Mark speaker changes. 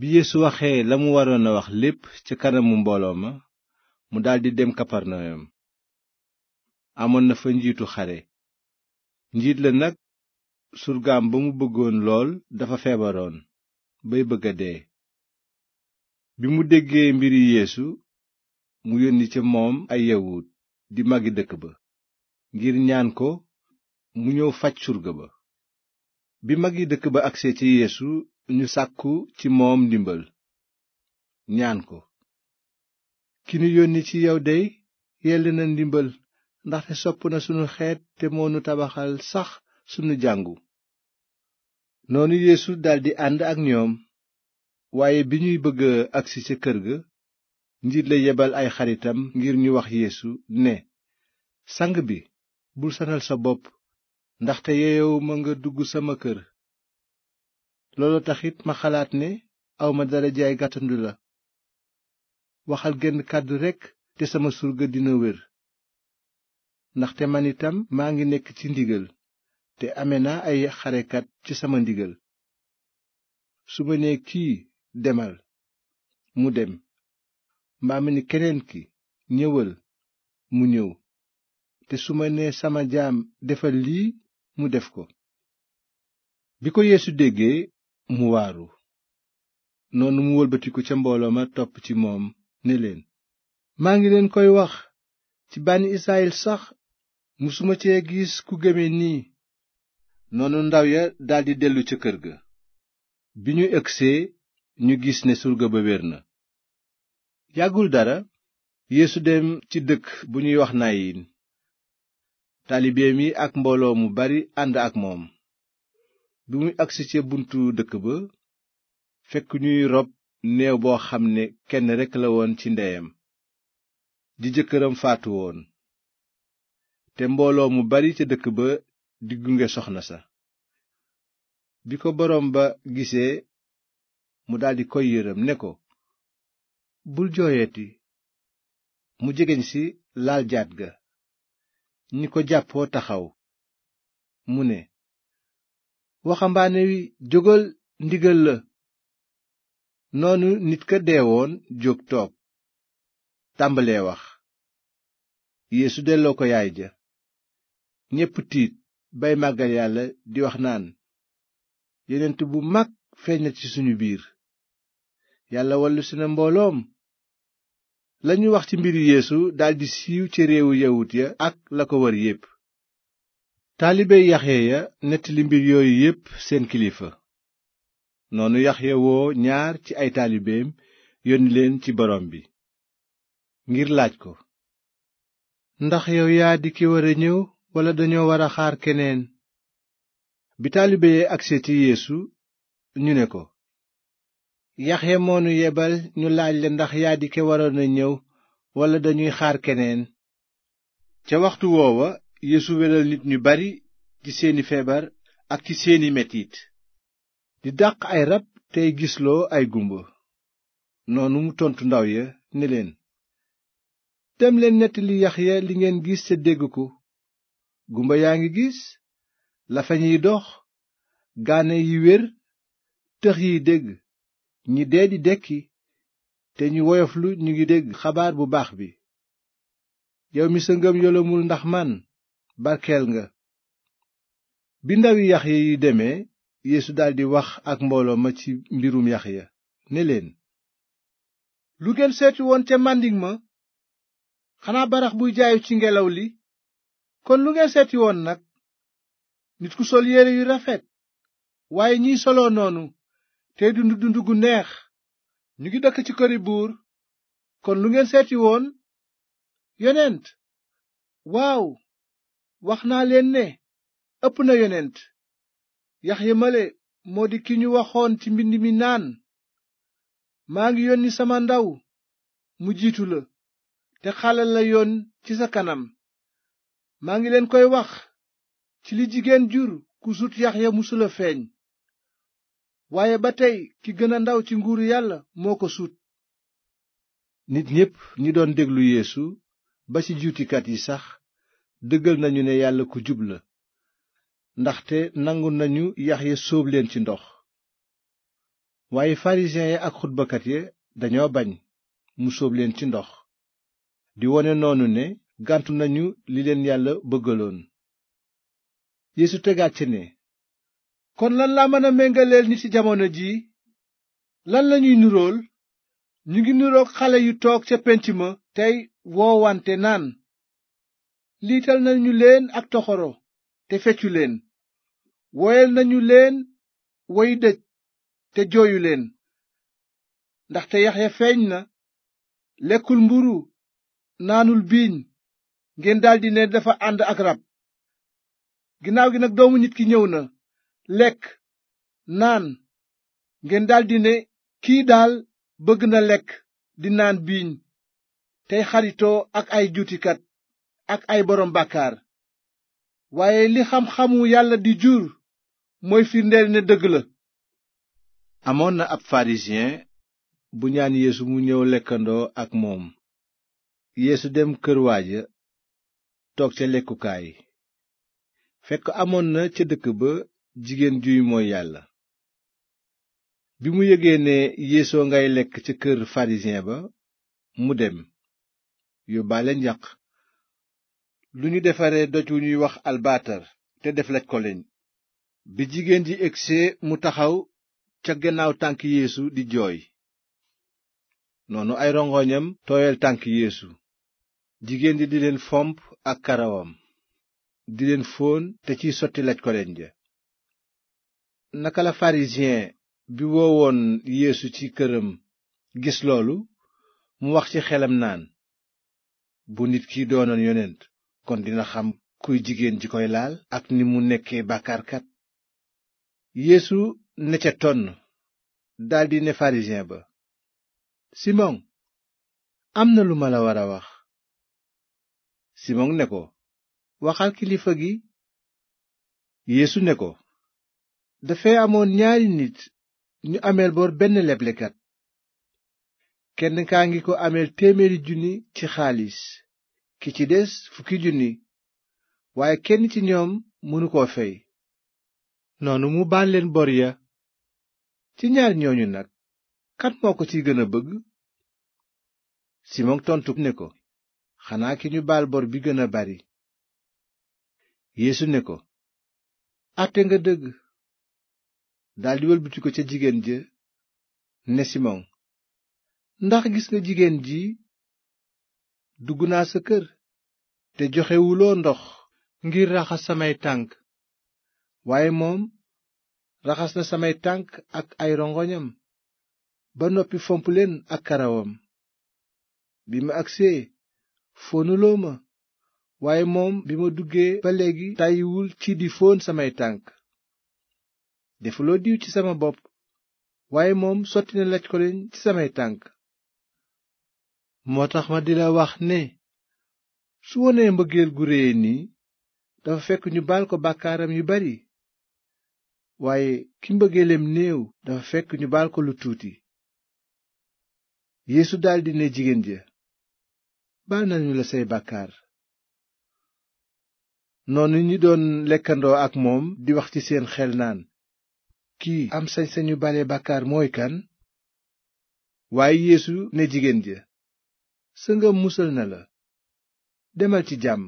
Speaker 1: bi yeesu waxee la mu waroon a wax lépp ca kanamu mbooloo ma mu daldi dem kaparnayom amoon na fa njiitu xare njiit la nag surgaam ba mu bëggoon lool dafa feebaroon bay bëgg dee bi mu déggee mbiri yéesu mu yónni ca moom ay yawut di magi dëkk ba ngir ñaan ko mu ñëw faj surga ba bi magi dëkk ba agsee ci yeesu ñu sàkku ci moom ndimbal ñaan ko ki nu yónni ci yow dey yell na ndimbal ndaxte sopp na sunu xeet te moo nu tabaxal sax sunu jàngu noonu yéesu daldi ànd ak ñoom waaye bi ñuy bëgg agsi ca kër ga njiit la yebal ay xaritam ngir ñu wax yéesu ne sang bi bul sanal sa bopp ndaxte yeyowu ma nga dugg sama kër looloo taxit ma xalaat ne aw ma dara jaay gàttandu la waxal genn kàddu rekk te sama surga dina wér ndaxte man itam maa ngi nekk ci ndigal te ame naa ay xarekat ci sama ndigal su ma nee kii demal mu dem mbaa ni keneen ki ñëwal mu ñëw te su ma nee sama jaam defal lii mu def ko bi ko yéesu déggee mu waaru noonu mu wëlbatiku ca mbooloo ma topp ci moom ne leen maa ngi leen koy wax ci bànni israyil sax musuma cee gis ku gëme nii noonu ndaw ya daldi dellu ca kër ga bi ñu egsee ñu gis ne surga ba wér na yàggul dara yeesu dem ci dëkk bu ñuy wax nayin taalibeem yi ak mbooloo mu bari ànd ak moom bi muy agsi ca buntu dëkk ba fekk ñuy rob néew boo xam ne kenn rekk la woon ci ndeyam di jëkkëram faatu woon te mbooloo mu bari ca dëkk ba di gunge soxna sa bi ko boroom ba gisee mu daldi koy yërëm ne ko bul jooyeeti mu jegeñ si laal jaat ga ñi ko jàppoo taxaw mu ne waxambaane wi jógal ndigal la noonu nit ka deewoon jóg toog tàmbalee wax yéesu delloo ko yaay ja ñépp tiit bay màggal yàlla di wax naan yonent bu mag feeñ na ci sunu biir yàlla wallusi na mbooloom lañu wax ci mbir yéesu daldi siiw ci réewu yawut ya ak la ko wër yépp taalibe yaxya ya yooyu yépp seen kilifa noonu yaxya woo ñaar ci ay taalibeem yónni leen ci boroom bi ngir laaj ko ndax yow yaa di ki war ñëw walla dañoo wara xaar keneen bi taalibe yi agse ci yeesu ñu ne ko yaxya moonu yebal ñu laaj la ndax yaa di ki waroon a ñëw walla dañuy xaar keneen waxtu woowa Yeesu wéral ñu bari ci feebar ak ci seeni metit di dàq ay rab tey gisloo ay gumba noonu mu tontu ndaw ya ni leen dem leen nettali Yaxya li ngeen gis te dégg ko gumba yaa ngi gis lafañ yi dox gaane yi wér tëx yi dégg ñi dee di dekki te ñu woyoflu ñu ngi dégg xabaar bu baax bi ndax man barkeel nga bi ndawi yax yi demee yéesu daldi wax ak mbooloo ma ci mbirum yax ya ne leen lu ngeen seeti woon ca màndiŋ ma xanaa barax buy jaayu ci ngelaw li kon lu ngeen seeti woon nag nit ku sol yére yu rafet waaye ñiy soloo noonu tey dund dund gu neex ñu ngi dëkk ci këri buur kon lu ngeen seeti woon yonent waaw wax naa leen ne ëpp na yonent yaxya male moo di ki ñu waxoon ci mbind mi naan maa ngi yónni sama ndaw mu jiitu la te xalal la yoon ci sa kanam maa ngi leen koy wax ci li jigéen jur ku sut yaxya musula feeñ waaye ba tey ki gën a ndaw ci nguuru yàlla moo ko sut nit ñépp ñi doon déglu yéesu ba ci juutikat yi sax dëggal nañu ne yàlla ku jub ndaxte nangu nañu yaxya sóob leen ci ndox waaye farisiyen ya ak xutbakat ya dañoo bañ mu soob leen ci ndox di wone noonu ne gàntu nañu li leen yàlla bëggaloon yéesu tegaat ci ne kon lan laa mën a méngaleel ñi ci jamono ji lan lañuy nurool ñu ngi nuroog xale yu toog ca penc ma tey woowante naan liital nañu leen ak toxoro te feccu leen woyal nañu leen woyu dëj te jooyu leen ndaxte Yaxya feeñ na lekkul mburu naanul biiñ ngeen daldi ne dafa ànd ak rab ginnaaw gi nag doomu nit ki ñëw na lekk naan ngeen daldi ne kii daal bëgg na lekk di naan biiñ tey xaritoo ak ay juutikat ak ay boroom bàkkaar waaye li xam-xamu yàlla di jur mooy firndeel ne dëgg la amoon na ab pharisien bu ñaan yeesu mu ñëw lekkandoo ak moom yéesu dem kër waaja toog ca lekkukaay fekk amoon na ca dëkk ba jigéen juy mooy yàlla bi mu yëgee ne yeesoo ngay lekk ca kër pharisien ba mu dem yóbbaale njaq lu ñu defaree doj wu ñuy wax albatar te def laj koleñ bi jigéen ji egsee mu taxaw ca gannaaw tànk yéesu di jooy noonu ay rongoñam tooyal tànk yéesu jigéen ji di leen fomp ak karawam di leen fóon te ciy sotti laj koleñ ja naka la pharisien bi woowoon yéesu ci këram gis loolu mu wax ci xelam naan bu nit ki doonoon yonent kon dina xam kuy jigéen ji koy laal ak ni mu nekkee bàkkaarkat yéesu ne ca tonn daldi ne pharisien ba simon am na lu ma la war a wax simon ne ko waxal kilifa gi yéesu ne ko dafay amoon ñaari nit ñu ameel bor benn leblekat kenn kaa ngi ko ameel téeméeri junni ci xaalis ki ci des fukki junni waaye kenn ci ñoom mënu koo fey noonu mu baal leen bor ya ci ñaar ñooñu nag kan moo ko ciy gën a bëgg simon tontu ne ko xanaa ki ñu baal bor bi gën bari yeesu ne ko àtte nga dëgg daldi wëlbati ko ca jigéen ja ne simon ndax gis nga jigéen ji dugg naa sa kër te joxewuloo ndox ngir raxas samay tànk waaye moom raxas na samay tànk ak ay rongoñam ba noppi fomp leen ak karawam bi ma agsee foonuloo ma waaye moom bi ma duggee ba léegi tàyyiwul ci di foon samay tànk defuloo diw ci sama bopp waaye moom sotti na laj ko leen ci samay tànk moo tax ma dila wax ne su wonee mbëggeel gu réye nii dafa fekk ñu baal ko bàkkaaram yu bari waaye ki mbëggeelem néew dafa fekk ñu baal ko lu tuuti yéesu daldi ne jigéen ja baal nañu la say bàkkaar noonu ñi doon lekkandoo ak moom di wax ci seen xel naan kii am sañ-sañu bale bàkkaar mooy kan waaye yéesu ne jigéen ja sa ngëm musal na la demal ci jàmm